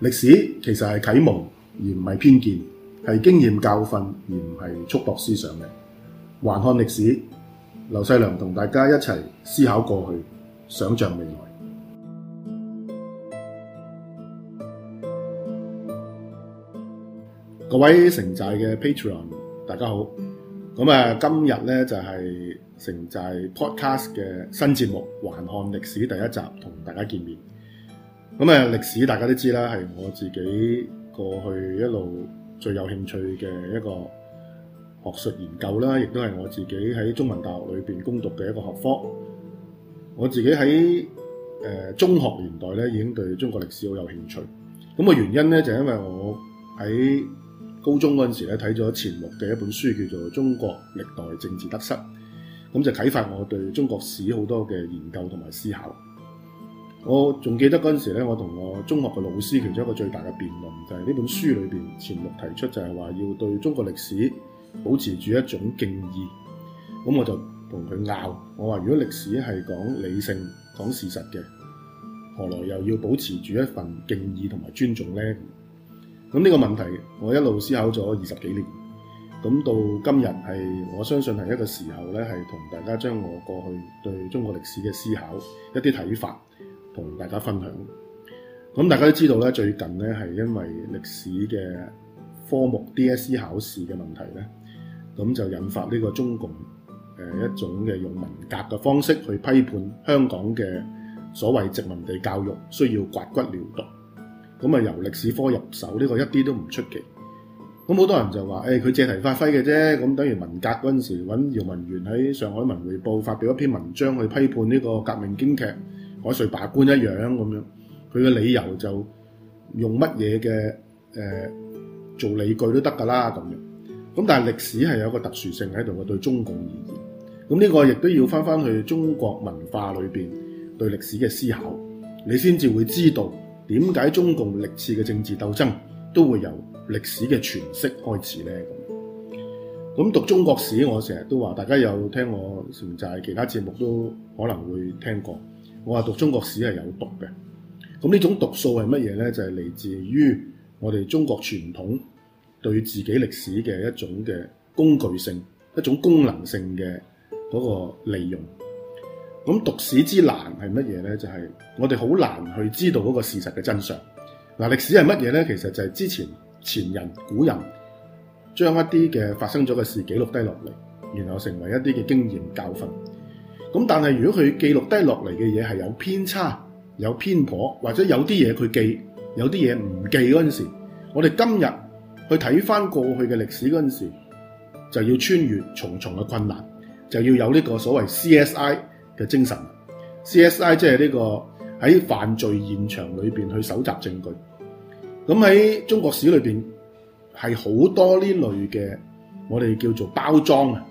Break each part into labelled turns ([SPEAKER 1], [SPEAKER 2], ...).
[SPEAKER 1] 歷史其實係啟蒙，而唔係偏見，係經驗教訓，而唔係束縛思想嘅。還看歷史，劉世良同大家一齊思考過去，想象未來。各位城寨嘅 patron，大家好。咁啊，今日呢就係城寨 podcast 嘅新節目《還看歷史》第一集，同大家見面。咁啊，歷史大家都知啦，係我自己過去一路最有興趣嘅一個學術研究啦，亦都係我自己喺中文大學裏邊攻讀嘅一個學科。我自己喺誒中學年代咧，已經對中國歷史好有興趣。咁個原因咧，就係因為我喺高中嗰陣時咧睇咗錢穆嘅一本書，叫做《中國歷代政治得失》，咁就啟發我對中國史好多嘅研究同埋思考。我仲記得嗰陣時咧，我同我中學嘅老師，其中一個最大嘅辯論就係呢本書裏面錢穆提出就係話要對中國歷史保持住一種敬意。咁我就同佢拗，我話如果歷史係講理性、講事實嘅，何來又要保持住一份敬意同埋尊重呢？咁呢個問題，我一路思考咗二十幾年。咁到今日係我相信係一個時候咧，係同大家將我過去對中國歷史嘅思考一啲睇法，同大家分享，咁大家都知道咧，最近咧係因為歷史嘅科目 DSE 考試嘅問題咧，咁就引發呢個中共誒，一種嘅用文革嘅方式去批判香港嘅所謂殖民地教育，需要刮骨療毒。咁啊，由歷史科入手呢個一啲都唔出奇，咁好多人就話誒，佢借題發揮嘅啫，咁等於文革嗰陣時揾姚文元喺上海文匯報發表一篇文章去批判呢個革命京劇。海瑞罷官一樣咁樣，佢嘅理由就用乜嘢嘅誒做理據都得㗎啦。咁樣咁，但係歷史係有個特殊性喺度嘅。對中共而言，咁呢個亦都要翻翻去中國文化裏邊對歷史嘅思考，你先至會知道點解中共歷次嘅政治鬥爭都會由歷史嘅詮釋開始呢。咁咁讀中國史，我成日都話，大家有聽我成載其他節目都可能會聽過。我話讀中國史係有毒嘅，咁呢種毒素係乜嘢呢？就係嚟自於我哋中國傳統對自己歷史嘅一種嘅工具性、一種功能性嘅嗰個利用。咁讀史之難係乜嘢呢？就係我哋好難去知道嗰個事實嘅真相。嗱，歷史係乜嘢呢？其實就係之前前人古人將一啲嘅發生咗嘅事記錄低落嚟，然後成為一啲嘅經驗教訓。咁但係如果佢記錄低落嚟嘅嘢係有偏差、有偏頗或者有啲嘢佢記，有啲嘢唔記嗰陣時，我哋今日去睇翻過去嘅歷史嗰陣時，就要穿越重重嘅困難，就要有呢個所謂 CSI 嘅精神。CSI 即係呢個喺犯罪現場裏面去搜集證據。咁喺中國史裏面，係好多呢類嘅，我哋叫做包裝啊，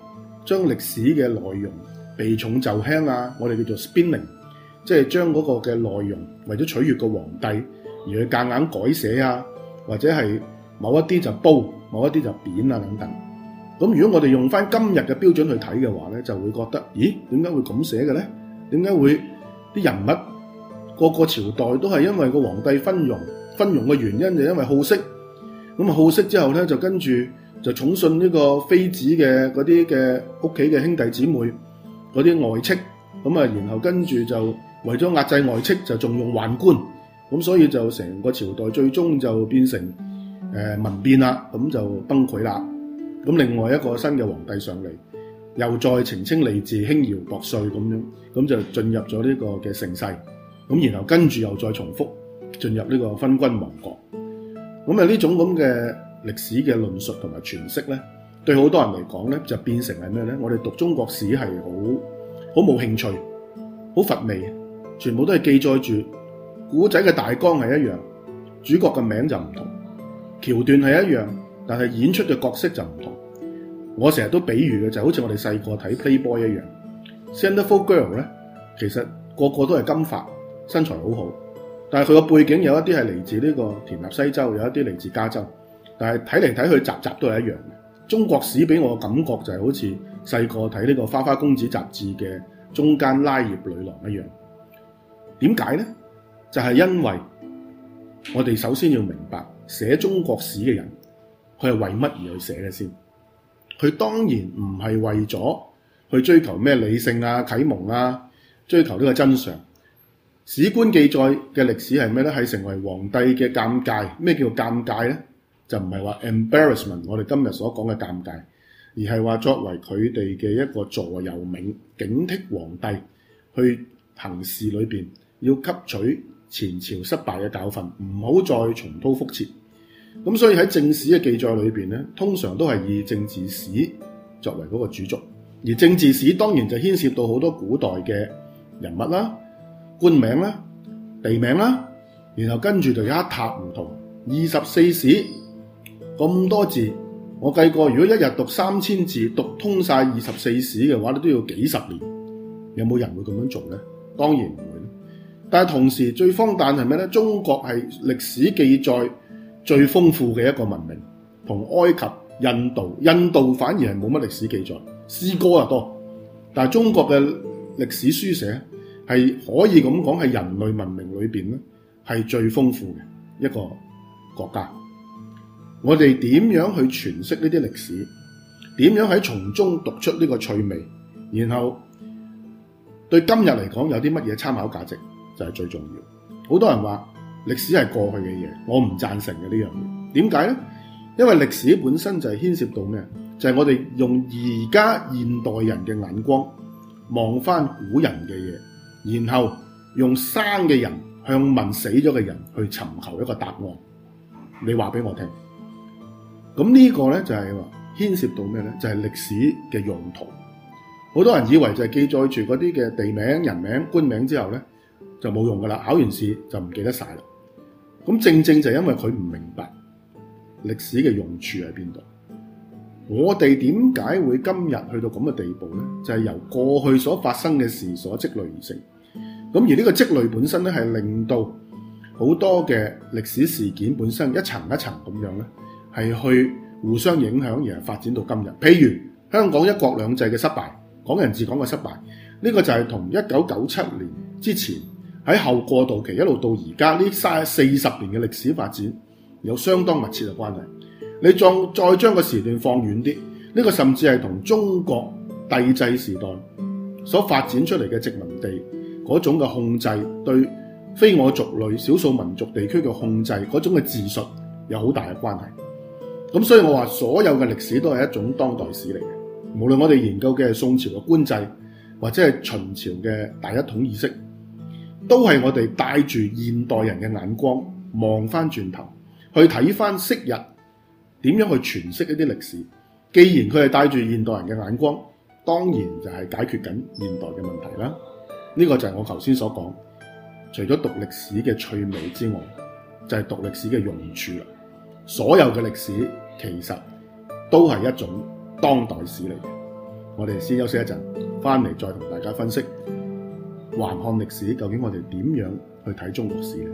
[SPEAKER 1] 將歷史嘅內容。避重就輕啊！我哋叫做 spinning，即係將嗰個嘅內容為咗取悅個皇帝，而佢夾硬改寫啊，或者係某一啲就褒，某一啲就貶啊，等等。咁如果我哋用返今日嘅標準去睇嘅話咧，就會覺得咦，點解會咁寫嘅咧？點解會啲人物個個朝代都係因為個皇帝昏庸，昏庸嘅原因就因為好色咁啊！好色之後咧，就跟住就寵信呢個妃子嘅嗰啲嘅屋企嘅兄弟姊妹。嗰啲外戚，咁啊，然後跟住就為咗壓制外戚，就重用宦官，咁所以就成個朝代最終就變成誒民變啦，咁就崩潰啦。咁另外一個新嘅皇帝上嚟，又再澄清吏治、輕徭薄稅咁樣，咁就進入咗呢個嘅盛世。咁然後跟住又再重複進入呢個分君亡國。咁啊，呢種咁嘅歷史嘅論述同埋詮釋咧。對好多人嚟講咧，就變成係咩咧？我哋讀中國史係好好冇興趣，好乏味，全部都係記載住古仔嘅大綱係一樣，主角嘅名就唔同，橋段係一樣，但係演出嘅角色就唔同。我成日都比喻嘅就好似我哋細個睇 Playboy 一樣，《Beautiful Girl》咧，其實個個都係金髮，身材好好，但係佢個背景有一啲係嚟自呢個田納西州，有一啲嚟自加州，但係睇嚟睇去集集都係一樣嘅。中國史俾我嘅感覺就係好似細個睇呢個花花公子雜誌嘅中間拉葉女郎一樣。點解呢？就係因為我哋首先要明白寫中國史嘅人，佢係為乜而去寫嘅先。佢當然唔係為咗去追求咩理性啊、啟蒙啊、追求呢個真相。史官記載嘅歷史係咩呢？係成為皇帝嘅尷尬。咩叫尷尬呢？就唔係話 embarrassment，我哋今日所講嘅尷尬，而係話作為佢哋嘅一個座右銘，警惕皇帝去行事裏面，要吸取前朝失敗嘅教訓，唔好再重蹈覆轍。咁所以喺正史嘅記載裏面，咧，通常都係以政治史作為嗰個主軸，而政治史當然就牽涉到好多古代嘅人物啦、啊、官名啦、啊、地名啦、啊，然後跟住就有一塌糊塗二十四史。咁多字，我計過，如果一日讀三千字，讀通晒二十四史嘅話，都要幾十年。有冇人會咁樣做呢？當然唔會。但係同時最荒誕係咩呢？中國係歷史記載最豐富嘅一個文明，同埃及、印度、印度反而係冇乜歷史記載，詩歌又多。但係中國嘅歷史書寫係可以咁講，係人類文明裏邊呢係最豐富嘅一個國家。我哋點樣去詮釋呢啲歷史？點樣喺從中讀出呢個趣味？然後對今日嚟講有啲乜嘢參考價值就係最重要。好多人話歷史係過去嘅嘢，我唔贊成嘅呢樣嘢。點解呢？因為歷史本身就係牽涉到咩？就係我哋用而家現代人嘅眼光望翻古人嘅嘢，然後用生嘅人向問死咗嘅人去尋求一個答案。你話俾我聽。咁呢個就呢，就係話牽涉到咩呢？就係歷史嘅用途。好多人以為就係記載住嗰啲嘅地名、人名、官名之後呢，就冇用噶啦。考完試就唔記得晒啦。咁正正就係因為佢唔明白歷史嘅用處喺邊度。我哋點解會今日去到咁嘅地步呢？就係、是、由過去所發生嘅事所積累而成。咁而呢個積累本身呢，係令到好多嘅歷史事件本身一層一層咁樣呢，係去互相影響而發展到今日。譬如香港一國兩制嘅失敗，港人治港嘅失敗，呢個就係同一九九七年之前喺後過渡期一路到而家呢三四十年嘅歷史發展有相當密切嘅關係。你再再將個時段放遠啲，呢個甚至係同中國帝制時代所發展出嚟嘅殖民地嗰種嘅控制對非我族類、少數民族地區嘅控制嗰種嘅治術有好大嘅關係。咁所以我話所有嘅歷史都係一種當代史嚟嘅，無論我哋研究嘅宋朝嘅官制，或者係秦朝嘅大一統意識，都係我哋帶住現代人嘅眼光望翻轉頭，去睇翻昔日點樣去詮釋一啲歷史。既然佢係帶住現代人嘅眼光，當然就係解決緊現代嘅問題啦。呢個就係我頭先所講，除咗讀歷史嘅趣味之外，就係讀歷史嘅用處啦。所有嘅歷史其實都係一種當代史嚟嘅，我哋先休息一陣，返嚟再同大家分析橫看歷史，究竟我哋點樣去睇中國史呢？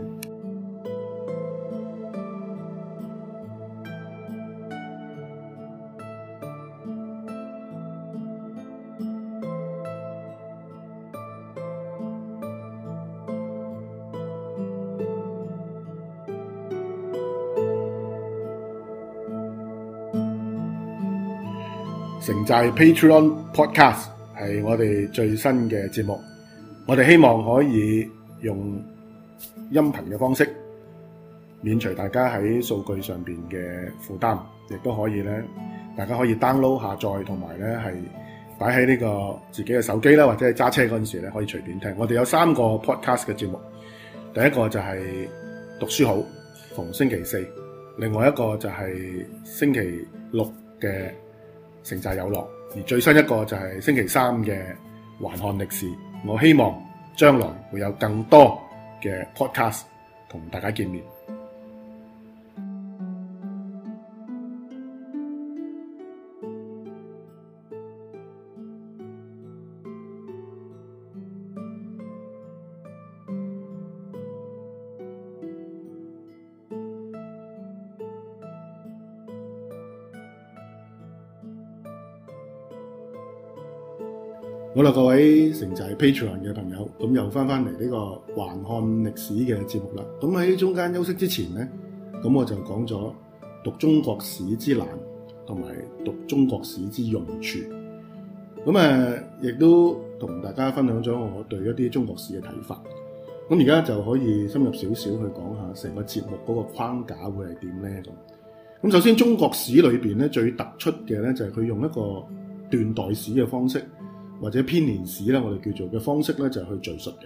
[SPEAKER 1] 就係 Patreon podcast 係我哋最新嘅節目，我哋希望可以用音頻嘅方式免除大家喺數據上邊嘅負擔，亦都可以咧，大家可以 download 下載同埋咧係擺喺呢個自己嘅手機啦，或者係揸車嗰陣時咧可以隨便聽。我哋有三個 podcast 嘅節目，第一個就係讀書好，逢星期四；另外一個就係星期六嘅。城寨有樂，而最新一個就係星期三嘅細看歷史。我希望將來會有更多嘅 podcast 同大家見面。好啦，各位城寨 Patreon 嘅朋友，咁又翻翻嚟呢個細看歷史嘅節目啦。咁喺中間休息之前咧，咁我就講咗讀中國史之難同埋讀中國史之用處。咁啊，亦都同大家分享咗我對一啲中國史嘅睇法。咁而家就可以深入少少去講下成個節目嗰個框架會係點咧咁。咁首先中國史裏邊咧，最突出嘅咧，就係佢用一個斷代史嘅方式。或者編年史咧，我哋叫做嘅方式咧，就係去敘述嘅。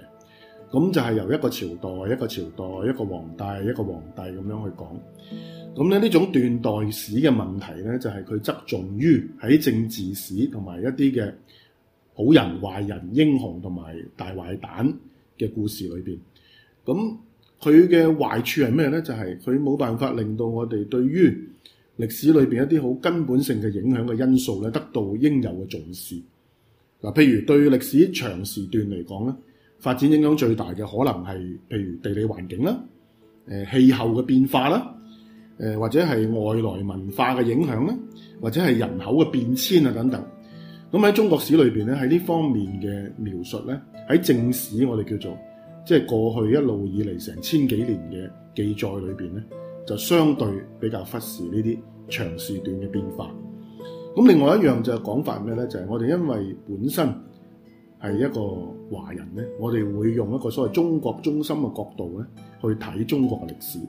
[SPEAKER 1] 咁就係由一個朝代、一個朝代、一個皇帝、一個皇帝咁樣去講。咁咧呢種斷代史嘅問題咧，就係佢側重於喺政治史同埋一啲嘅好人壞人、英雄同埋大壞蛋嘅故事裏邊。咁佢嘅壞處係咩咧？就係佢冇辦法令到我哋對於歷史裏邊一啲好根本性嘅影響嘅因素咧，得到應有嘅重視。嗱，譬如對歷史長時段嚟講咧，發展影響最大嘅可能係譬如地理環境啦、誒氣候嘅變化啦、誒或者係外來文化嘅影響啦，或者係人口嘅變遷啊等等。咁喺中國史裏邊咧，喺呢方面嘅描述咧，喺正史我哋叫做即係、就是、過去一路以嚟成千幾年嘅記載裏邊咧，就相對比較忽視呢啲長時段嘅變化。咁另外一樣就係講法咩咧？就係我哋因為本身係一個華人咧，我哋會用一個所謂中國中心嘅角度咧，去睇中國嘅歷史。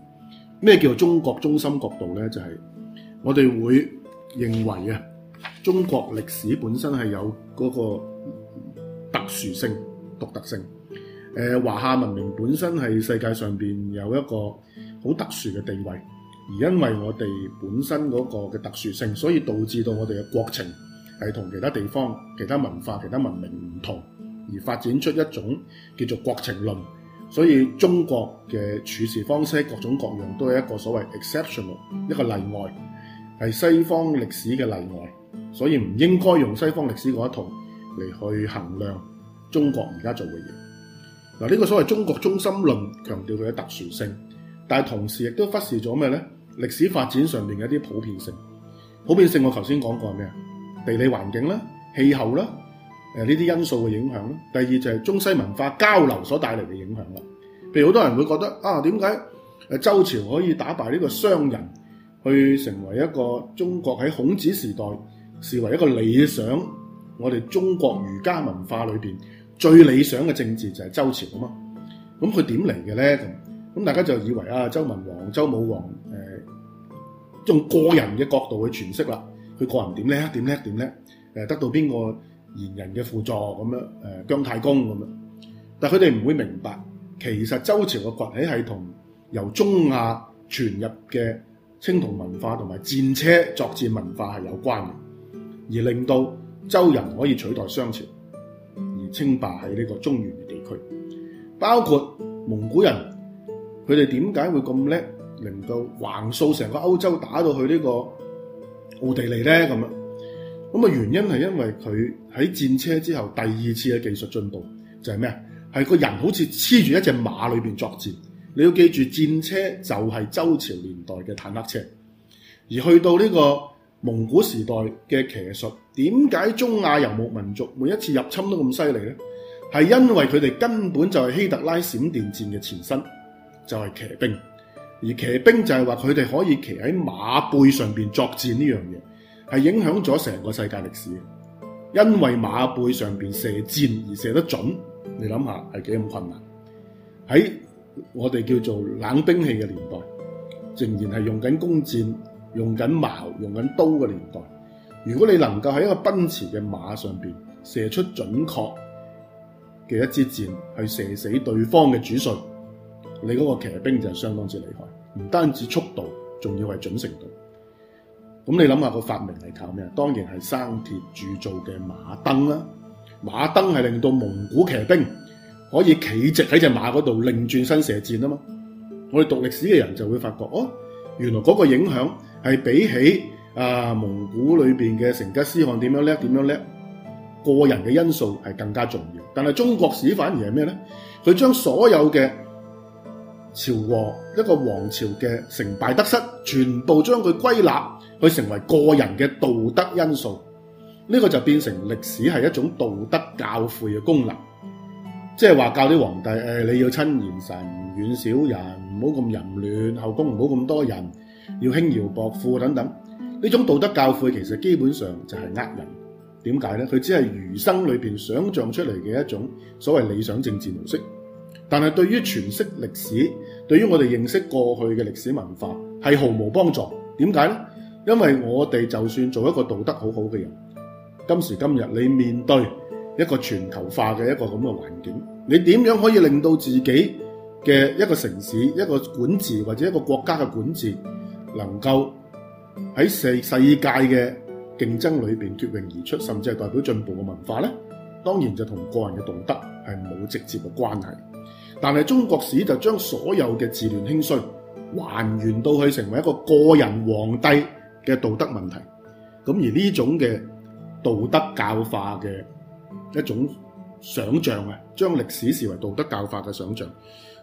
[SPEAKER 1] 咩叫中國中心角度咧？就係我哋會認為啊，中國歷史本身係有嗰個特殊性、獨特性。誒，華夏文明本身係世界上邊有一個好特殊嘅地位。而因為我哋本身嗰個嘅特殊性，所以導致到我哋嘅國情係同其他地方、其他文化、其他文明唔同，而發展出一種叫做國情論。所以中國嘅處事方式各種各樣都係一個所謂 exceptional，一個例外，係西方歷史嘅例外。所以唔應該用西方歷史嗰一套嚟去衡量中國而家做嘅嘢。嗱，呢個所謂中國中心論強調佢嘅特殊性，但係同時亦都忽視咗咩呢？歷史發展上面嘅一啲普遍性，普遍性我頭先講過係咩啊？地理環境啦、氣候啦，誒呢啲因素嘅影響啦。第二就係中西文化交流所帶嚟嘅影響啦。譬如好多人會覺得啊，點解周朝可以打敗呢個商人，去成為一個中國喺孔子時代視為一個理想，我哋中國儒家文化裏面最理想嘅政治就係周朝啊嘛。咁佢點嚟嘅呢？咁大家就以為啊，周文王、周武王，誒、呃、用個人嘅角度去詮釋啦。佢個人點叻？點叻？點叻？誒得到邊個賢人嘅輔助咁樣？誒、呃、姜太公咁樣。但佢哋唔會明白，其實周朝嘅崛起係同由中亞傳入嘅青銅文化同埋戰車作戰文化係有關嘅，而令到周人可以取代商朝而稱霸喺呢個中原嘅地區，包括蒙古人。佢哋點解會咁叻，能夠橫掃成個歐洲打到去呢個奧地利呢？咁啊？咁嘅原因係因為佢喺戰車之後第二次嘅技術進步就係咩？係個人好似黐住一隻馬裏邊作戰。你要記住戰車就係周朝年代嘅坦克車，而去到呢個蒙古時代嘅騎術，點解中亞遊牧民族每一次入侵都咁犀利呢？係因為佢哋根本就係希特拉閃電戰嘅前身。就係騎兵，而騎兵就係話佢哋可以騎喺馬背上邊作戰呢樣嘢，係影響咗成個世界歷史。因為馬背上邊射箭而射得準，你諗下係幾咁困難。喺我哋叫做冷兵器嘅年代，仍然係用緊弓箭、用緊矛、用緊刀嘅年代。如果你能夠喺一個奔馳嘅馬上邊射出準確嘅一支箭，去射死對方嘅主帥。你嗰個騎兵就相當之厲害，唔單止速度，仲要係準程度。咁你諗下，個發明嚟靠咩？當然係生鐵鑄造嘅馬鐙啦、啊。馬鐙係令到蒙古騎兵可以企直喺隻馬嗰度，令轉身射箭啊嘛。我哋讀歷史嘅人就會發覺，哦，原來嗰個影響係比起啊、呃、蒙古裏邊嘅成吉思汗點樣叻，點樣叻，個人嘅因素係更加重要。但係中國史反而係咩咧？佢將所有嘅朝和一個王朝嘅成敗得失，全部將佢歸納去成為個人嘅道德因素，呢、這個就變成歷史係一種道德教誨嘅功能，即係話教啲皇帝誒、哎，你要親賢臣，遠小人，唔好咁淫亂，後宮唔好咁多人，要輕徭薄賦等等。呢種道德教誨其實基本上就係呃人，點解呢？佢只係儒生裏邊想象出嚟嘅一種所謂理想政治模式。但係對於詮釋歷史，對於我哋認識過去嘅歷史文化係毫無幫助。點解呢？因為我哋就算做一個道德很好好嘅人，今時今日你面對一個全球化嘅一個咁嘅環境，你點樣可以令到自己嘅一個城市、一個管治或者一個國家嘅管治，能夠喺世世界嘅競爭裏邊脫穎而出，甚至係代表進步嘅文化呢？當然就同個人嘅道德係冇直接嘅關係。但係中國史就將所有嘅治亂興衰還原到佢成為一個個人皇帝嘅道德問題。咁而呢種嘅道德教化嘅一種想像啊，將歷史視為道德教化嘅想像，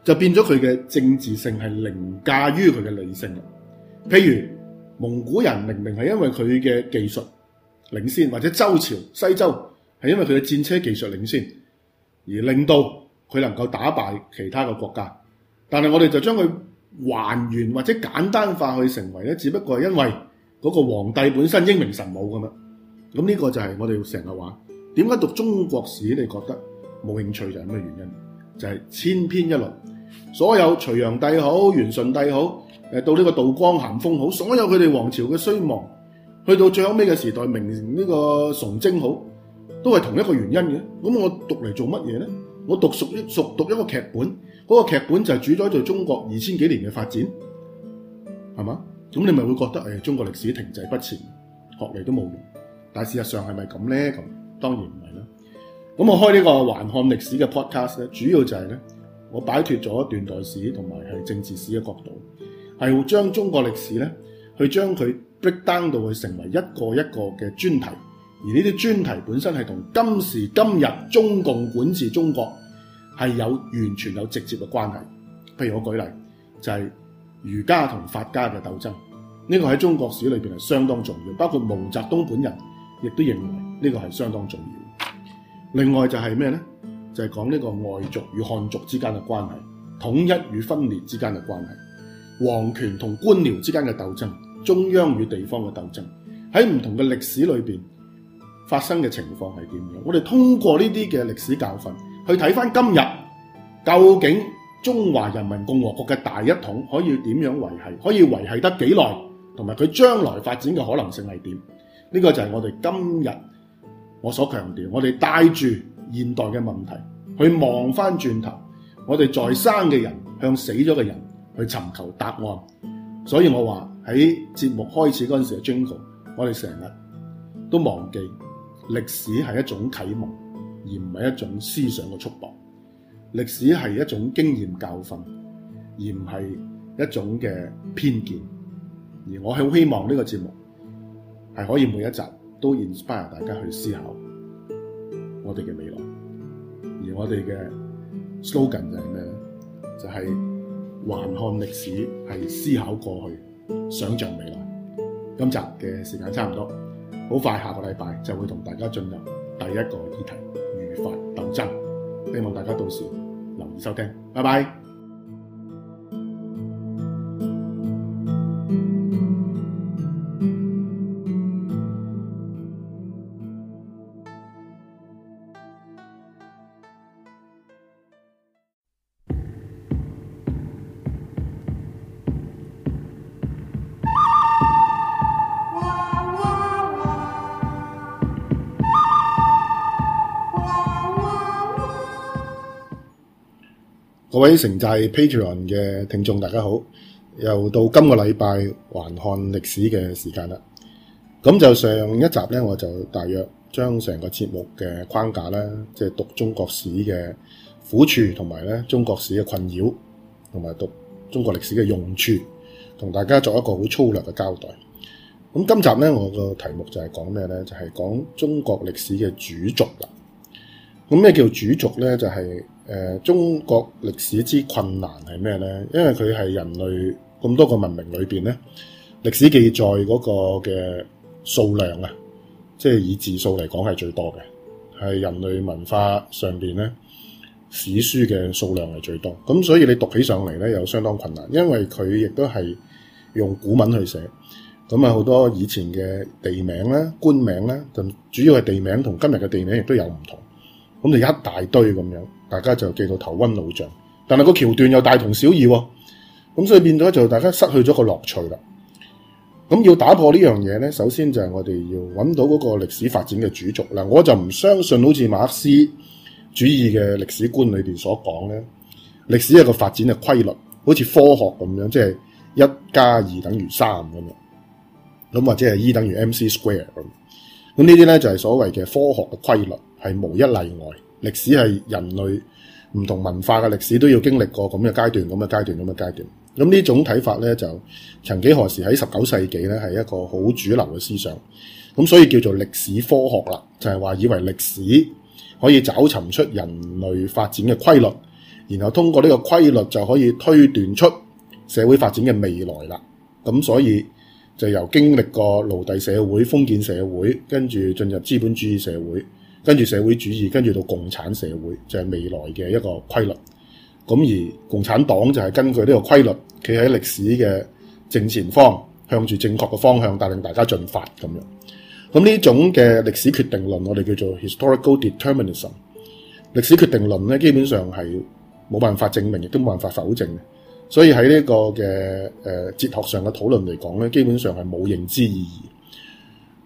[SPEAKER 1] 就變咗佢嘅政治性係凌駕於佢嘅理性。譬如蒙古人明明係因為佢嘅技術領先，或者周朝西周係因為佢嘅戰車技術領先，而令到佢能夠打敗其他嘅國家，但係我哋就將佢還原或者簡單化去成為咧，只不過係因為嗰個皇帝本身英明神武咁嘛。咁呢個就係我哋成日話點解讀中國史你覺得冇興趣就係咩原因，就係、是、千篇一律。所有隋煬帝好、元順帝好、到呢個道光咸豐好，所有佢哋皇朝嘅衰亡，去到最後尾嘅時代，明呢個崇禎好，都係同一個原因嘅。咁我讀嚟做乜嘢呢？我讀熟一熟讀一個劇本，嗰、那個劇本就係主宰咗中國二千幾年嘅發展，係嘛？咁你咪會覺得誒，中國歷史停滯不前，學嚟都冇用。但事實上係咪咁咧？咁當然唔係啦。咁我開呢、這個細看歷史嘅 podcast 咧，pod cast, 主要就係咧，我擺脫咗斷代史同埋係政治史嘅角度，係將中國歷史咧去將佢 break down 到去成為一個一個嘅專題。而呢啲專題本身係同今時今日中共管治中國係有完全有直接嘅關係。譬如我舉例就係儒家同法家嘅鬥爭，呢個喺中國史裏面係相當重要，包括毛澤東本人亦都認為呢個係相當重要。另外就係咩呢？就係講呢個外族與漢族之間嘅關係、統一與分裂之間嘅關係、皇權同官僚之間嘅鬥爭、中央與地方嘅鬥爭喺唔同嘅歷史裏面發生嘅情況係點樣？我哋通過呢啲嘅歷史教訓去睇翻今日究竟中華人民共和國嘅大一統可以點樣維係，可以維係得幾耐，同埋佢將來發展嘅可能性係點？呢個就係我哋今日我所強調，我哋帶住現代嘅問題去望翻轉頭，我哋在生嘅人向死咗嘅人去尋求答案。所以我話喺節目開始嗰陣時嘅 Jingle，我哋成日都忘記。歷史係一種啟蒙，而唔係一種思想嘅束縛。歷史係一種經驗教訓，而唔係一種嘅偏見。而我好希望呢個節目係可以每一集都 inspire 大家去思考我哋嘅未來。而我哋嘅 slogan 就係咩？就係還看歷史，係思考過去，想象未來。今集嘅時間差唔多。好快，下個禮拜就會同大家進入第一個議題——儒法鬥爭。希望大家到時留意收聽。拜拜。各位城寨 Patreon 嘅聽眾，大家好！又到今個禮拜細看歷史嘅時間啦。咁就上一集呢，我就大約將成個節目嘅框架呢，即係讀中國史嘅苦處，同埋咧中國史嘅困擾，同埋讀中國歷史嘅用處，同大家作一個好粗略嘅交代。咁今集呢，我個題目就係講咩呢？就係講中國歷史嘅主軸啦。咁咩叫主軸呢？就係。呃、中國歷史之困難係咩呢？因為佢係人類咁多個文明裏面呢，歷史記載嗰個嘅數量啊，即係以字數嚟講係最多嘅，係人類文化上面呢，史書嘅數量係最多。咁所以你讀起上嚟呢，又相當困難，因為佢亦都係用古文去寫，咁啊好多以前嘅地名啦、官名啦，主要係地名同今日嘅地名亦都有唔同，咁就一大堆咁樣，大家就記到頭昏腦脹，但係個橋段又大同小異，咁所以變咗就大家就失去咗個樂趣啦。咁要打破呢樣嘢呢，首先就係我哋要揾到嗰個歷史發展嘅主軸。嗱，我就唔相信好似馬克思主義嘅歷史觀裏面所講呢，歷史係一個發展嘅規律，好似科學咁樣，即係一加二等於三咁樣，咁或者係 E 等於 m c square 咁。咁呢啲呢，就係所謂嘅科學嘅規律，係、就是 e、無一例外。歷史係人類唔同文化嘅歷史都要經歷過咁嘅階段、咁嘅階段、咁嘅階段。咁呢種睇法呢，就曾幾何時喺十九世紀呢，係一個好主流嘅思想。咁所以叫做歷史科學啦，就係話以為歷史可以找尋出人類發展嘅規律，然後通過呢個規律就可以推斷出社會發展嘅未來啦。咁所以就由經歷過奴隸社會、封建社會，跟住進入資本主義社會。跟住社會主義，跟住到共產社會，就係未來嘅一個規律。咁而共產黨就係根據呢個規律，企喺歷史嘅正前方，向住正確嘅方向帶領大家進發咁樣。咁呢種嘅歷史決定論，我哋叫做 historical determinism。歷史決定論咧，基本上係冇辦法證明，亦都冇辦法否證。所以喺呢個嘅誒哲學上嘅討論嚟講咧，基本上係冇認知意義。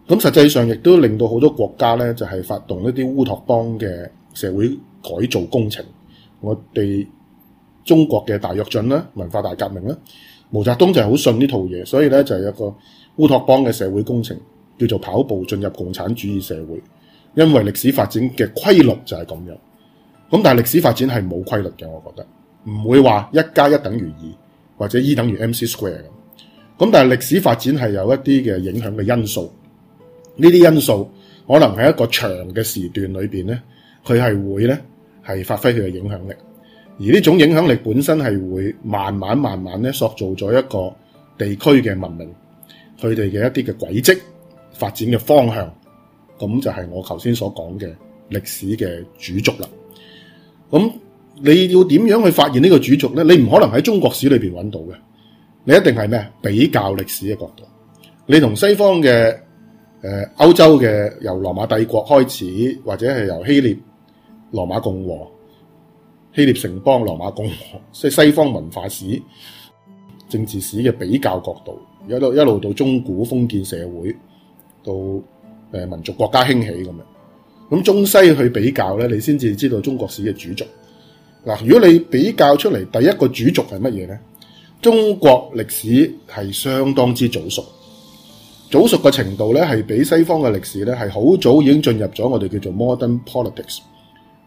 [SPEAKER 1] 咁實際上亦都令到好多國家咧，就係發動一啲烏托邦嘅社會改造工程。我哋中國嘅大躍進啦、文化大革命啦，毛澤東就係好信呢套嘢，所以咧就係一個烏托邦嘅社會工程，叫做跑步進入共產主義社會。因為歷史發展嘅規律就係咁樣。咁但係歷史發展係冇規律嘅，我覺得唔會話一加一等於二，2，或者 E 等於 M C square。咁但係歷史發展係有一啲嘅影響嘅因素。呢啲因素可能喺一個長嘅時段裏面，呢佢係會呢，係發揮佢嘅影響力。而呢種影響力本身係會慢慢慢慢咧塑造咗一個地區嘅文明，佢哋嘅一啲嘅軌跡發展嘅方向，咁就係我頭先所講嘅歷史嘅主軸啦。咁你要點樣去發現呢個主軸呢？你唔可能喺中國史裏面揾到嘅，你一定係咩比較歷史嘅角度，你同西方嘅。誒歐洲嘅由羅馬帝國開始，或者係由希臘羅馬共和、希臘城邦、羅馬共和，即係西方文化史、政治史嘅比較角度，一路一路到中古封建社會，到誒民族國家興起咁樣。咁中西去比較咧，你先至知道中國史嘅主軸。嗱，如果你比較出嚟，第一個主軸係乜嘢咧？中國歷史係相當之早熟。早熟嘅程度咧，係比西方嘅歷史咧，係好早已經進入咗我哋叫做 modern politics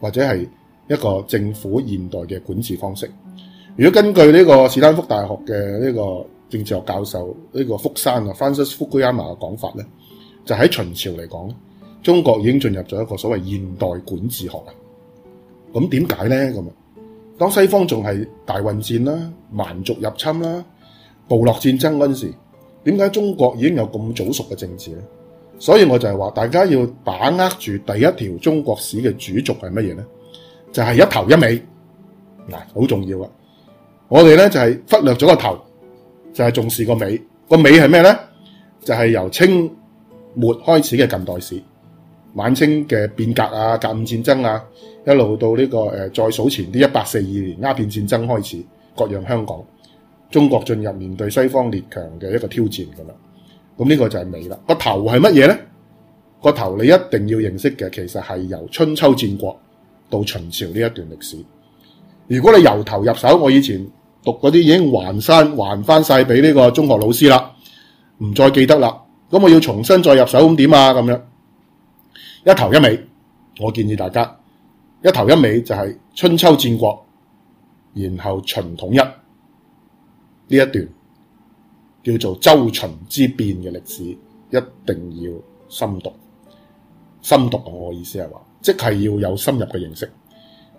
[SPEAKER 1] 或者係一個政府現代嘅管治方式。如果根據呢個史丹福大學嘅呢個政治學教授呢個福山啊，Francis Fukuyama 嘅講法咧，就喺、是、秦朝嚟講，中國已經進入咗一個所謂現代管治學啊。咁點解咧？咁啊，當西方仲係大混戰啦、萬族入侵啦、部落戰爭嗰陣時。點解中國已經有咁早熟嘅政治呢？所以我就係話，大家要把握住第一條中國史嘅主軸係乜嘢呢？就係一頭一尾，嗱，好重要啊！我哋呢就係忽略咗個頭，就係重視個尾。個尾係咩呢？就係由清末開始嘅近代史，晚清嘅變革啊、甲午戰爭啊，一路到呢個誒再數前啲一八四二年鴉片戰爭開始，割讓香港。中國進入面對西方列強嘅一個挑戰噶啦，咁呢個就係尾啦。個頭係乜嘢呢？個頭你一定要認識嘅，其實係由春秋戰國到秦朝呢一段歷史。如果你由頭入手，我以前讀嗰啲已經還山還翻晒俾呢個中學老師啦，唔再記得啦。咁我要重新再入手，咁點啊？咁樣一頭一尾，我建議大家一頭一尾就係春秋戰國，然後秦統一。呢一段叫做周秦之變嘅歷史，一定要深讀，深讀我意思係話，即係要有深入嘅認識。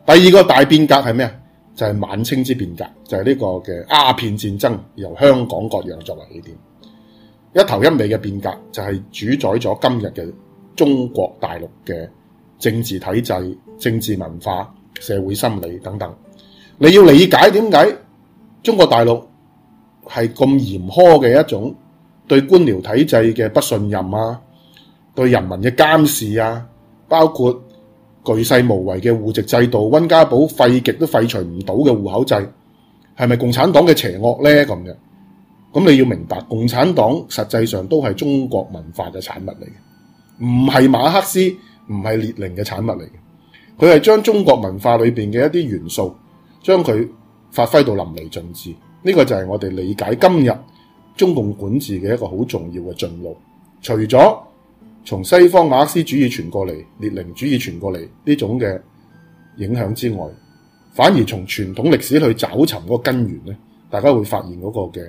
[SPEAKER 1] 第二個大變革係咩？就係、是、晚清之變革，就係、是、呢個嘅鴉片戰爭由香港、各樣作為起點，一頭一尾嘅變革就係主宰咗今日嘅中國大陸嘅政治體制、政治文化、社會心理等等。你要理解點解中國大陸？係咁嚴苛嘅一種對官僚體制嘅不信任啊，對人民嘅監視啊，包括巨細無遺嘅戶籍制度，溫家寶廢極都廢除唔到嘅戶口制，係咪共產黨嘅邪惡呢？咁嘅，咁你要明白，共產黨實際上都係中國文化嘅產物嚟嘅，唔係馬克思，唔係列寧嘅產物嚟嘅，佢係將中國文化裏面嘅一啲元素，將佢發揮到淋漓盡致。呢個就係我哋理解今日中共管治嘅一個好重要嘅進路。除咗從西方馬克思主義傳過嚟，列寧主義傳過嚟呢種嘅影響之外，反而從傳統歷史去找尋嗰個根源呢，大家會發現嗰個嘅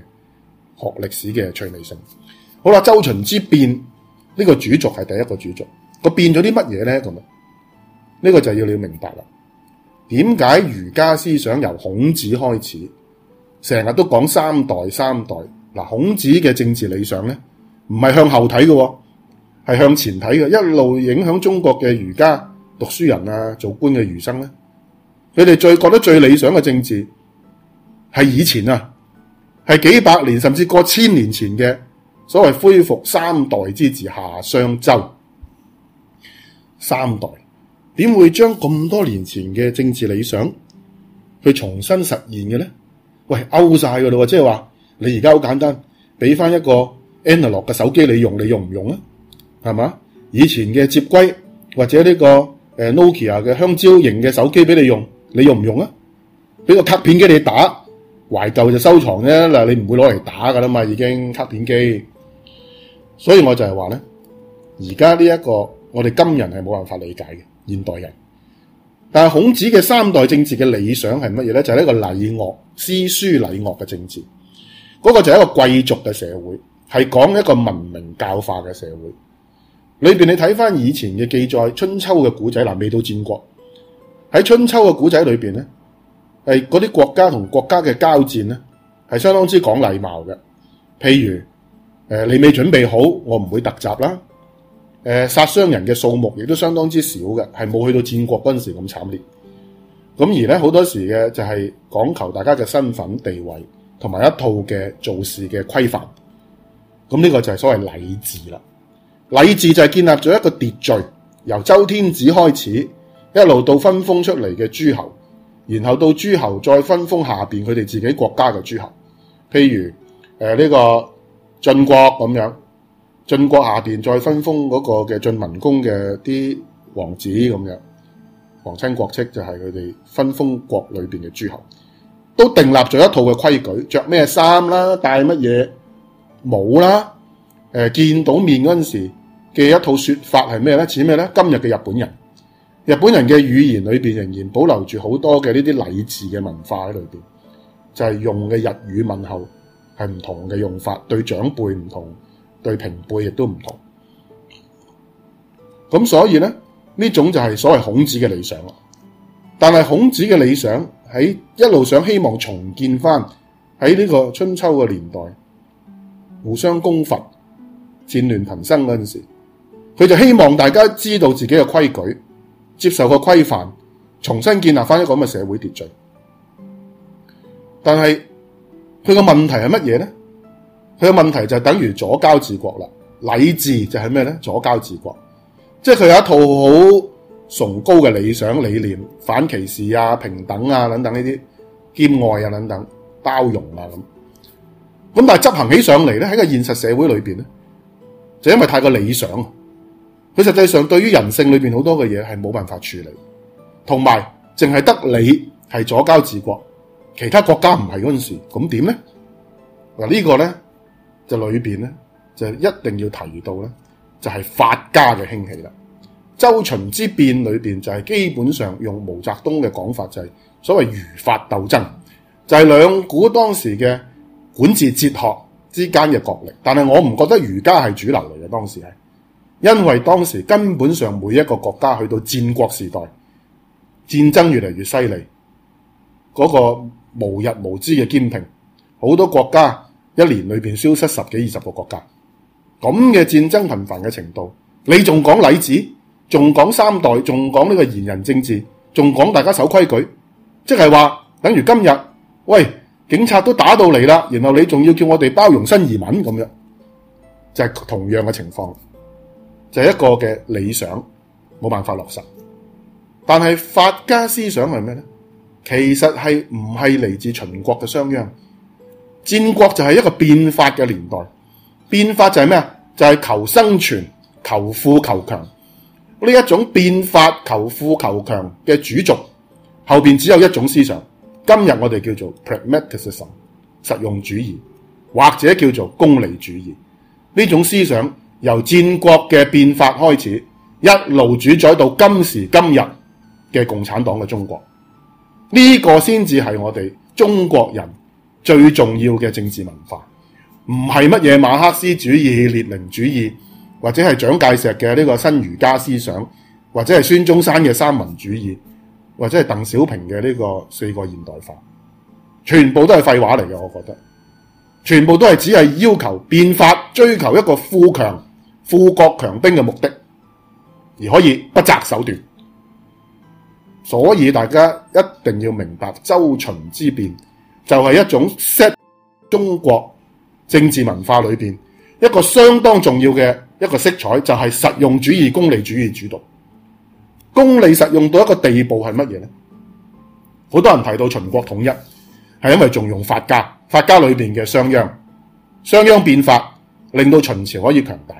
[SPEAKER 1] 學歷史嘅趣味性。好啦，周秦之變呢，呢個主軸係第一個主軸，個變咗啲乜嘢呢？咁、這、呢個就要你明白啦。點解儒家思想由孔子開始？成日都講三代三代，嗱，孔子嘅政治理想呢，唔係向後睇嘅，係向前睇嘅，一路影響中國嘅儒家讀書人啊，做官嘅儒生呢，佢哋最覺得最理想嘅政治係以前啊，係幾百年甚至過千年前嘅所謂恢復三代之治，夏商周三代，點會將咁多年前嘅政治理想去重新實現嘅呢？喂，勾晒噶咯喎！即係話你而家好簡單，俾翻一個 analog 嘅手機你用，你用唔用啊？係嘛？以前嘅接歸或者呢個誒 Nokia 嘅香蕉型嘅手機俾你用，你用唔用啊？俾個卡片機你打，懷舊就收藏啫。嗱，你唔會攞嚟打噶啦嘛，已經卡片機。所以我就係話咧，而家呢一個我哋今人係冇辦法理解嘅現代人。但係孔子嘅三代政治嘅理想係乜嘢呢？就係、是、一個禮樂、詩書、禮樂嘅政治，嗰、那個就係一個貴族嘅社會，係講一個文明教化嘅社會。裏邊你睇翻以前嘅記載，春秋嘅古仔嗱，未到戰國喺春秋嘅古仔裏邊呢，係嗰啲國家同國家嘅交戰呢，係相當之講禮貌嘅。譬如誒，你未準備好，我唔會突襲啦。誒，殺傷、呃、人嘅數目亦都相當之少嘅，係冇去到戰國陣時咁慘烈。咁而咧好多時嘅就係講求大家嘅身份地位同埋一套嘅做事嘅規範。咁呢個就係所謂禮治啦。禮治就係建立咗一個秩序，由周天子開始，一路到分封出嚟嘅諸侯，然後到諸侯再分封下邊佢哋自己國家嘅諸侯。譬如誒呢、呃這個晉國咁樣。晉國下邊再分封嗰個嘅晉文公嘅啲王子咁樣，皇親國戚就係佢哋分封國裏邊嘅諸侯，都定立咗一套嘅規矩，着咩衫啦，戴乜嘢帽啦，見到面嗰陣時嘅一套說法係咩呢？似咩呢？今日嘅日本人，日本人嘅語言裏邊仍然保留住好多嘅呢啲禮字嘅文化喺裏邊，就係、是、用嘅日語問候係唔同嘅用法，對長輩唔同。對平輩亦都唔同，咁所以呢，呢種就係所謂孔子嘅理想。但係孔子嘅理想喺一路上希望重建翻喺呢個春秋嘅年代，互相攻伐、戰亂頻生嗰陣時，佢就希望大家知道自己嘅規矩，接受個規範，重新建立翻一個咁嘅社會秩序。但係佢個問題係乜嘢呢？佢嘅問題就等於左膠治國啦，禮治就係咩呢？左膠治國，即係佢有一套好崇高嘅理想理念，反歧視啊、平等啊、等等呢啲兼愛啊、等等包容啊咁。咁但係執行起上嚟呢，喺個現實社會裏面呢，就因為太過理想，佢實際上對於人性裏面好多嘅嘢係冇辦法處理，同埋淨係得你係左膠治國，其他國家唔係嗰陣時，咁點呢？嗱、這、呢個呢。就裏面咧，就一定要提到咧，就係法家嘅興起啦。周秦之變裏面，就係基本上用毛澤東嘅講法，就係所謂儒法鬥爭，就係兩股當時嘅管治哲學之間嘅角力。但係我唔覺得儒家係主流嚟嘅，當時係，因為當時根本上每一個國家去到戰國時代，戰爭越嚟越犀利，嗰個無日無之嘅兼併，好多國家。一年裏邊消失十幾、二十個國家，咁嘅戰爭頻繁嘅程度，你仲講禮治，仲講三代，仲講呢個賢人政治，仲講大家守規矩，即係話等於今日，喂，警察都打到嚟啦，然後你仲要叫我哋包容新移民咁樣，就係同樣嘅情況，就係一個嘅理想冇辦法落實。但係法家思想係咩呢？其實係唔係嚟自秦國嘅商鞅。戰國就係一個變法嘅年代，變法就係咩啊？就係、是、求生存、求富求強、求強呢一種變法、求富、求強嘅主軸，後邊只有一種思想。今日我哋叫做 pragmatism 實用主義，或者叫做功利主義呢種思想，由戰國嘅變法開始，一路主宰到今時今日嘅共產黨嘅中國，呢、這個先至係我哋中國人。最重要嘅政治文化，唔係乜嘢馬克思主義、列寧主義，或者係蔣介石嘅呢個新儒家思想，或者係孫中山嘅三民主義，或者係鄧小平嘅呢個四個現代化，全部都係廢話嚟嘅。我覺得，全部都係只係要求變法，追求一個富強、富國強兵嘅目的，而可以不擇手段。所以大家一定要明白周秦之變。就係一種 set 中國政治文化裏邊一個相當重要嘅一個色彩，就係實用主義、功利主義主導。功利實用到一個地步係乜嘢呢？好多人提到秦國統一，係因為仲用法家，法家裏邊嘅商鞅，商鞅變法令到秦朝可以強大。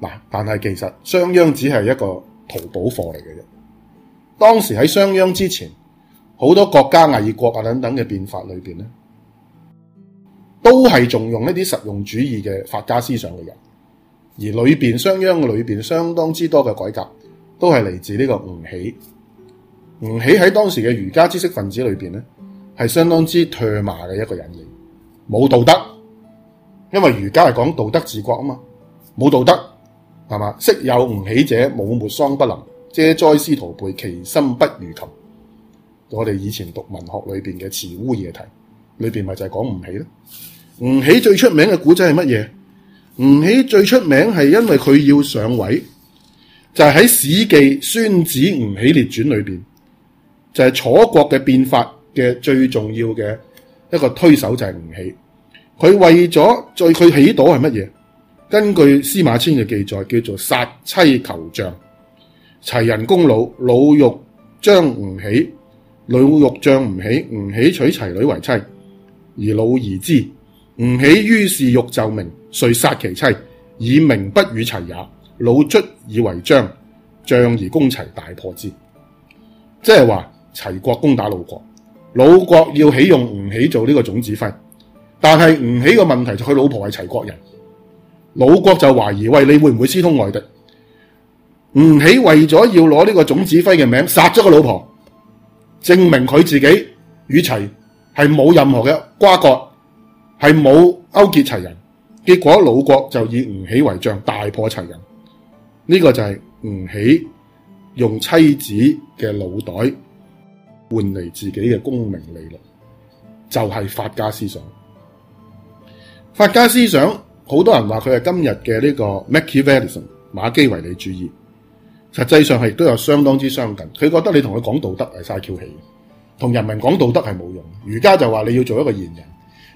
[SPEAKER 1] 嗱，但係其實商鞅只係一個淘寶貨嚟嘅啫。當時喺商鞅之前。好多國家，魏國啊，等等嘅變法裏面，咧，都係重用呢啲實用主義嘅法家思想嘅人，而裏面商鞅嘅裏面相當之多嘅改革，都係嚟自呢個吳起。吳起喺當時嘅儒家知識分子裏面，咧，係相當之唾罵嘅一個人嚟，冇道德，因為儒家係講道德治國啊嘛，冇道德，係嘛？昔有吳起者，母歿喪不臨，嗟哉斯徒輩，其心不如禽。我哋以前讀文學裏面嘅慈烏夜啼裏面咪就係講吳起咯。吳起最出名嘅古仔係乜嘢？吳起最出名係因為佢要上位，就係喺《史記》《孫子吳起列傳》裏面。就係楚國嘅變法嘅最重要嘅一個推手就係吳起。佢為咗最佢起到係乜嘢？根據司馬遷嘅記載，叫做殺妻求將，齊人攻魯，魯欲將吳起。魯欲將吳起，吳起娶齊女為妻，而魯疑之。吳起於是欲就名，遂殺其妻，以明不與齊也。魯卒以為將，將而攻齊，大破之。即係話齊國攻打魯國，魯國要起用吳起做呢個總指揮但係吳起嘅問題就佢老婆係齊國人，魯國就懷疑喂，你會唔會私通外敵？吳起為咗要攞呢個總指揮嘅名，殺咗個老婆。證明佢自己與齊係冇任何嘅瓜葛，係冇勾結齊人。結果魯國就以吳起為將，大破齊人。呢、這個就係吳起用妻子嘅腦袋換嚟自己嘅功名利祿，就係、是、法家思想。法家思想好多人話佢係今日嘅呢個 Machiavellism 馬基維利主義。實際上亦都有相當之相近，佢覺得你同佢講道德係晒翹氣，同人民講道德係冇用。儒家就話你要做一個賢人，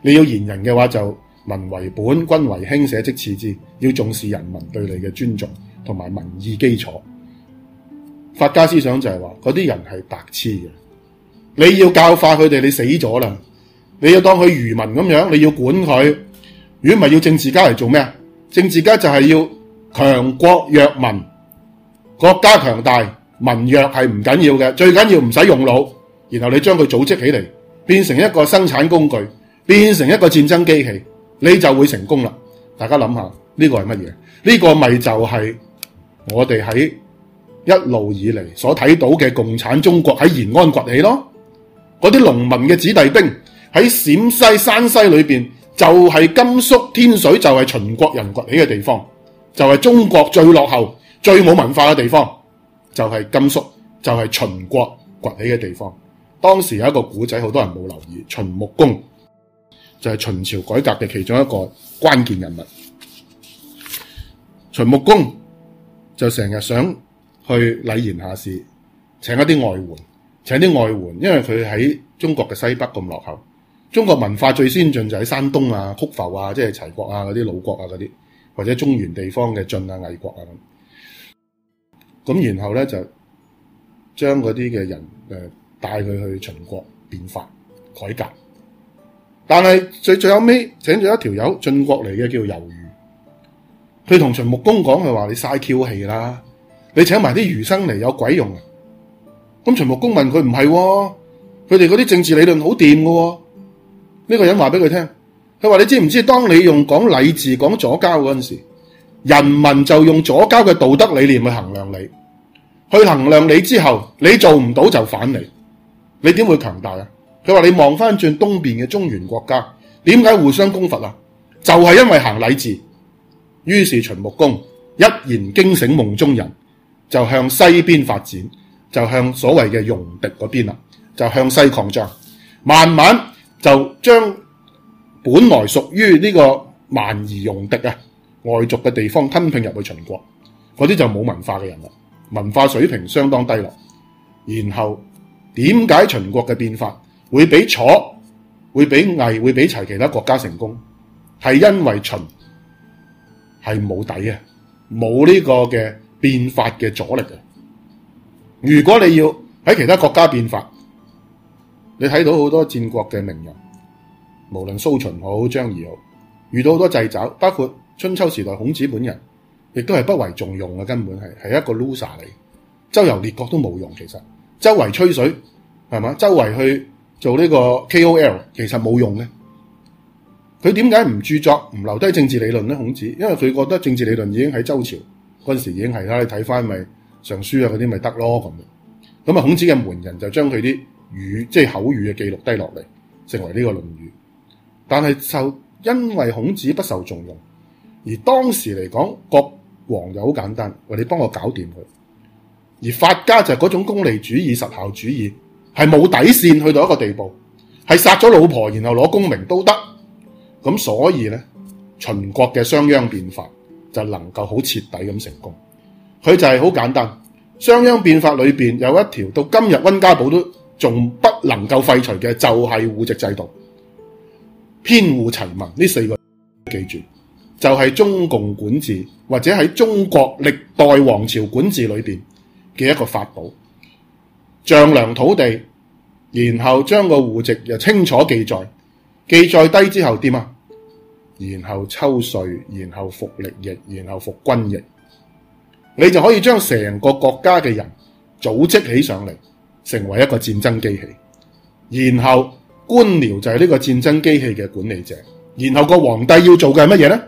[SPEAKER 1] 你要賢人嘅話就民為本，君為輕，社稷次之。要重視人民對你嘅尊重同埋民意基礎。法家思想就係話嗰啲人係白痴嘅，你要教化佢哋，你死咗啦！你要當佢愚民咁樣，你要管佢。如果唔係，要政治家嚟做咩？政治家就係要強國弱民。國家強大，民弱係唔緊要嘅，最緊要唔使用腦，然後你將佢組織起嚟，變成一個生產工具，變成一個戰爭機器，你就會成功啦。大家諗下，呢個係乜嘢？呢個咪就係我哋喺一路以嚟所睇到嘅共產中國喺延安崛起咯。嗰啲農民嘅子弟兵喺陝西、山西裏邊，就係甘肅天水，就係秦國人崛起嘅地方，就係中國最落後。最冇文化嘅地方就係甘肅，就係秦國崛起嘅地方。當時有一個古仔，好多人冇留意。秦穆公就係秦朝改革嘅其中一個關鍵人物。秦穆公就成日想去禮賢下士，請一啲外援，請啲外援，因為佢喺中國嘅西北咁落後。中國文化最先進就喺山東啊、曲阜啊，即係齊國啊嗰啲魯國啊嗰啲，或者中原地方嘅晉啊、魏國啊。咁然後咧就將嗰啲嘅人誒帶佢去秦國變法改革，但係最最後尾請咗一條友晉國嚟嘅叫由余，佢同秦穆公講佢話你嘥俏氣啦，你請埋啲儒生嚟有鬼用啊！咁秦穆公問佢唔係，佢哋嗰啲政治理論好掂噶，呢、這個人話俾佢聽，佢話你知唔知當你用講禮治講左交嗰陣時？人民就用左交嘅道德理念去衡量你，去衡量你之後，你做唔到就反你，你點會強大啊？佢話你望翻轉東邊嘅中原國家，點解互相攻伐啊？就係因為行禮治，於是秦穆公一言驚醒夢中人，就向西邊發展，就向所謂嘅戎狄嗰邊啦，就向西擴張，慢慢就將本來屬於呢個蠻夷戎狄啊。外族嘅地方吞併入去秦國，嗰啲就冇文化嘅人啦，文化水平相當低落。然後點解秦國嘅變法會比楚會比魏會比齊其他國家成功？係因為秦係冇底啊，冇呢個嘅變法嘅阻力啊。如果你要喺其他國家變法，你睇到好多戰國嘅名人，無論蘇秦好張儀好，遇到好多掣肘，包括。春秋時代，孔子本人亦都係不為重用嘅，根本係係一個 loser 嚟，周遊列國都冇用。其實周圍吹水係嘛，周圍去做呢個 K.O.L. 其實冇用嘅。佢點解唔著作，唔留低政治理論呢？孔子因為佢覺得政治理論已經喺周朝嗰時已經係啦，你睇翻咪《尚書》啊嗰啲咪得咯咁。咁啊，孔子嘅門人就將佢啲語即係、就是、口語嘅記錄低落嚟，成為呢個《論語》但。但係就因為孔子不受重用。而當時嚟講，國王就好簡單，喂，你幫我搞掂佢。而法家就係嗰種功利主義、實效主義，係冇底線去到一個地步，係殺咗老婆然後攞功名都得。咁所以呢，秦國嘅商鞅變法就能夠好徹底咁成功。佢就係好簡單，商鞅變法裏面有一條到今日温家寶都仲不能夠廢除嘅，就係、是、戶籍制度、編戶齊民呢四個，記住。就係中共管治，或者喺中國歷代王朝管治裏邊嘅一個法寶，丈量土地，然後將個戶籍又清楚記載，記載低之後點啊？然後抽稅，然後服力役，然後服軍役，你就可以將成個國家嘅人組織起上嚟，成為一個戰爭機器。然後官僚就係呢個戰爭機器嘅管理者。然後個皇帝要做嘅係乜嘢呢？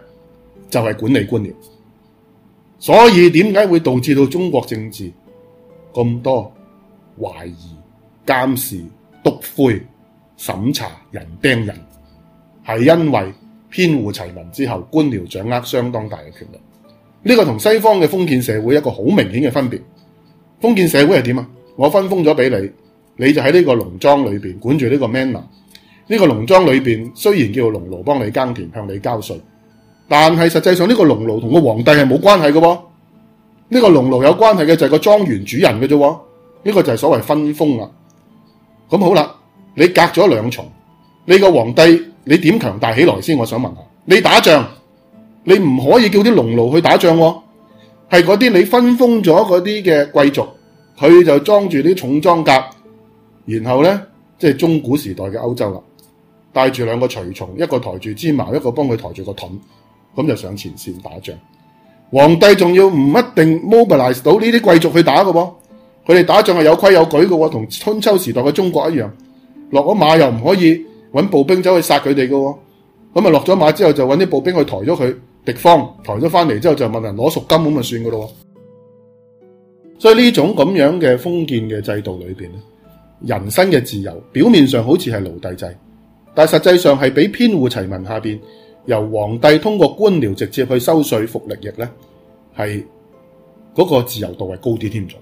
[SPEAKER 1] 就係管理官僚，所以點解會導致到中國政治咁多懷疑、監視、督灰、審查、人盯人，係因為編戶齊民之後，官僚掌握相當大嘅權力。呢個同西方嘅封建社會一個好明顯嘅分別。封建社會係點啊？我分封咗俾你，你就喺呢個農莊裏邊管住呢個 manor。呢個農莊裏邊雖然叫農奴幫你耕田，向你交稅。但係實際上呢個農奴同個皇帝係冇關係嘅、哦，呢、這個農奴有關係嘅就係個莊園主人嘅啫，呢、這個就係所謂分封啦。咁好啦，你隔咗兩重，你個皇帝你點強大起來先？我想問下，你打仗，你唔可以叫啲農奴去打仗、哦，係嗰啲你分封咗嗰啲嘅貴族，佢就裝住啲重裝甲，然後呢，即、就、係、是、中古時代嘅歐洲啦，帶住兩個隨從，一個抬住支矛，一個幫佢抬住個盾。咁就上前線打仗，皇帝仲要唔一定 mobilize 到呢啲貴族去打嘅，佢哋打仗係有規有矩嘅，同春秋時代嘅中國一樣，落咗馬又唔可以搵步兵走去殺佢哋嘅。咁啊落咗馬之後就搵啲步兵去抬咗佢敵方，抬咗翻嚟之後就問人攞贖金咁就算噶咯。所以呢種咁樣嘅封建嘅制度裏邊咧，人身嘅自由表面上好似係奴隸制，但實際上係俾編戶齊民下邊。由皇帝通過官僚直接去收稅、服力役咧，係嗰個自由度係高啲添咗。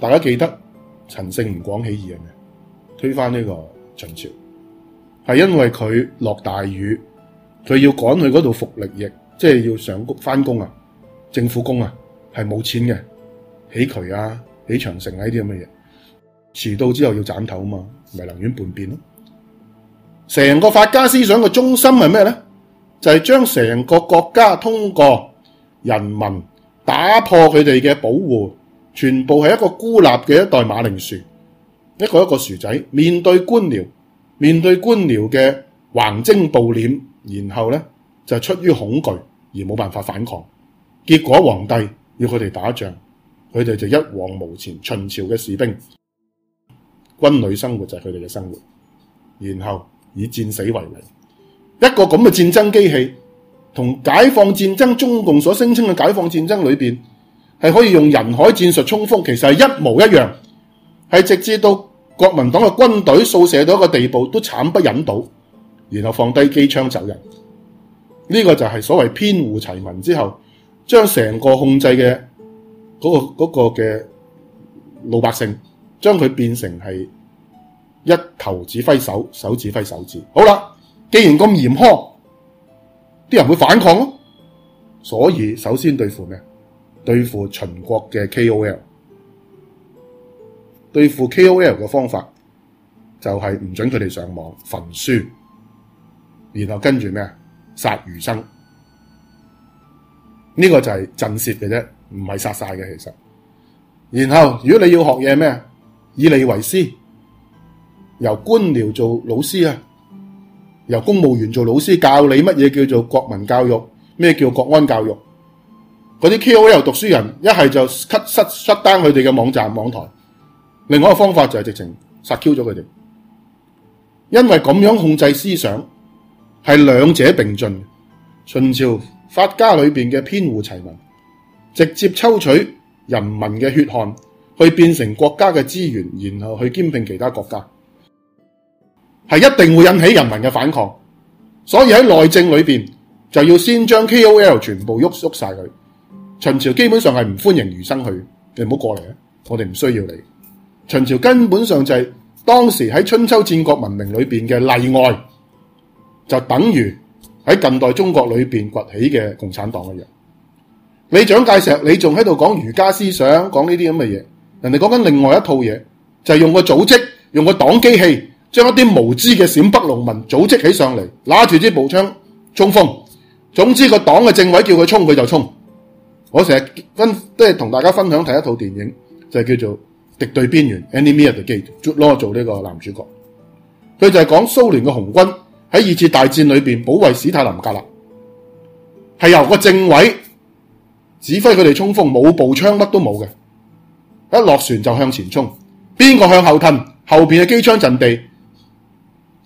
[SPEAKER 1] 大家記得陳勝吳廣起義係咩？推翻呢個秦朝，係因為佢落大雨，佢要趕去嗰度服力役，即係要上工翻工啊，政府工啊，係冇錢嘅，起渠啊，起長城啊呢啲咁嘅嘢，遲到之後要斬頭啊嘛，咪寧願叛變咯、啊。成個法家思想嘅中心係咩咧？就係將成個國家通過人民打破佢哋嘅保護，全部係一個孤立嘅一代馬鈴薯，一個一個薯仔面對官僚，面對官僚嘅橫徵暴斂，然後呢，就出於恐懼而冇辦法反抗，結果皇帝要佢哋打仗，佢哋就一往無前。秦朝嘅士兵軍旅生活就係佢哋嘅生活，然後以戰死為榮。一個咁嘅戰爭機器，同解放戰爭中共所聲稱嘅解放戰爭裏邊，係可以用人海戰術衝鋒，其實係一模一樣，係直至到國民黨嘅軍隊掃射到一個地步，都慘不忍睹，然後放低機槍走人。呢、這個就係所謂編戶齊民之後，將成個控制嘅嗰、那個嗰、那個嘅老百姓，將佢變成係一頭指揮手，手指揮手指。好啦。既然咁嚴苛，啲人會反抗咯、啊。所以首先對付咩？對付秦國嘅 K O L，對付 K O L 嘅方法就係、是、唔准佢哋上網焚書，然後跟住咩？殺餘生。呢、這個就係震懾嘅啫，唔係殺晒嘅其實。然後如果你要學嘢咩？以你為師，由官僚做老師啊。由公務員做老師教你乜嘢叫做國民教育，咩叫國安教育？嗰啲 k o l 讀書人，一係就 cut 失單佢哋嘅網站網台。另外一個方法就係直情殺 Q 咗佢哋，因為咁樣控制思想係兩者並進。秦朝法家裏面嘅編護齊民，直接抽取人民嘅血汗去變成國家嘅資源，然後去兼並其他國家。係一定會引起人民嘅反抗，所以喺內政裏邊就要先將 KOL 全部喐喐晒佢。秦朝基本上係唔歡迎儒生去，你唔好過嚟啊！我哋唔需要你。秦朝根本上就係當時喺春秋戰國文明裏邊嘅例外，就等於喺近代中國裏邊崛起嘅共產黨一樣。你蔣介石，你仲喺度講儒家思想，講呢啲咁嘅嘢，人哋講緊另外一套嘢，就係用個組織，用個黨機器。將一啲無知嘅陝北農民組織起上嚟，拿住支步槍衝鋒。總之個黨嘅政委叫佢衝，佢就衝。我成日分即係同大家分享睇一套電影，就係、是、叫做《敵對邊緣 a n y m e a e t e 做攞做呢個男主角。佢就係講蘇聯嘅紅軍喺二次大戰裏邊保衛史太林格勒，係由個政委指揮佢哋衝鋒，冇步槍乜都冇嘅，一落船就向前衝，邊個向後褪，後邊嘅機槍陣地。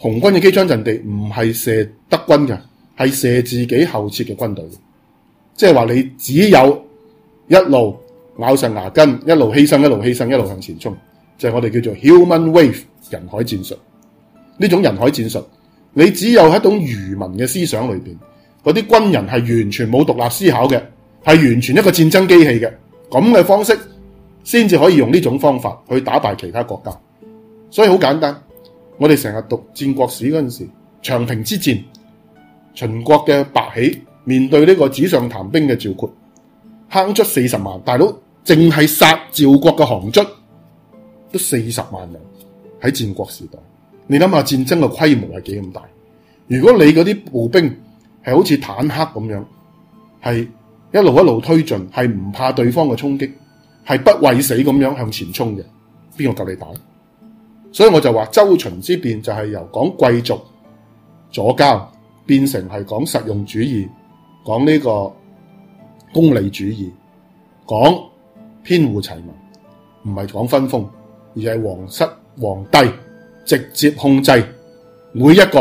[SPEAKER 1] 紅軍嘅機槍陣地唔係射德軍嘅，係射自己後撤嘅軍隊。即係話你只有一路咬上牙根，一路犧牲，一路犧牲，一路向前衝，就係、是、我哋叫做 human wave 人海戰術呢種人海戰術。你只有一種愚民嘅思想裏邊，嗰啲軍人係完全冇獨立思考嘅，係完全一個戰爭機器嘅咁嘅方式，先至可以用呢種方法去打敗其他國家。所以好簡單。我哋成日讀戰國史嗰陣時，長平之戰，秦國嘅白起面對呢個紙上談兵嘅趙括，坑出四十萬，大佬淨係殺趙國嘅降卒都四十萬人喺戰國時代，你諗下戰爭嘅規模係幾咁大？如果你嗰啲步兵係好似坦克咁樣，係一路一路推進，係唔怕對方嘅衝擊，係不畏死咁樣向前衝嘅，邊個夠你打？所以我就話周秦之變就係由講貴族左交變成係講實用主義，講呢個功利主義，講編戶齊民，唔係講分封，而係皇室皇帝直接控制每一個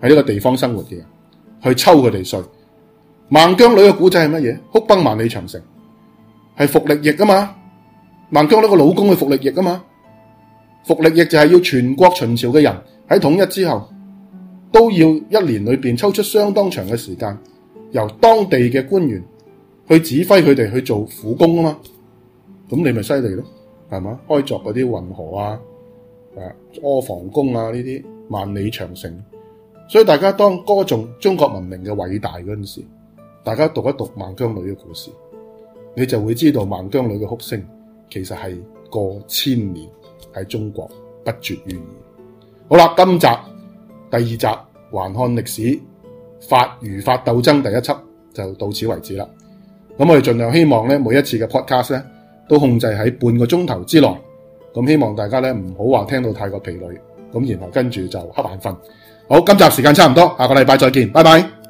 [SPEAKER 1] 喺呢個地方生活嘅人，去抽佢哋稅。孟姜女嘅古仔係乜嘢？哭崩萬里長城係服力役啊嘛，孟姜女個老公係服力役啊嘛。服役亦就係要全國秦朝嘅人喺統一之後，都要一年裏面抽出相當長嘅時間，由當地嘅官員去指揮佢哋去做苦工啊嘛。咁你咪犀利咯，係嘛？開鑿嗰啲運河啊，誒，阿房宮啊呢啲萬里長城。所以大家當歌頌中國文明嘅偉大嗰陣時，大家讀一讀孟姜女嘅故事，你就會知道孟姜女嘅哭聲其實係過千年。喺中國不絕於耳。好啦，今集第二集《細看歷史法與法鬥爭》第一輯就到此為止啦。咁我哋盡量希望每一次嘅 podcast 都控制喺半個鐘頭之內。咁希望大家咧唔好話聽到太過疲累，咁然後跟住就瞌眼瞓。好，今集時間差唔多，下個禮拜再見，拜拜。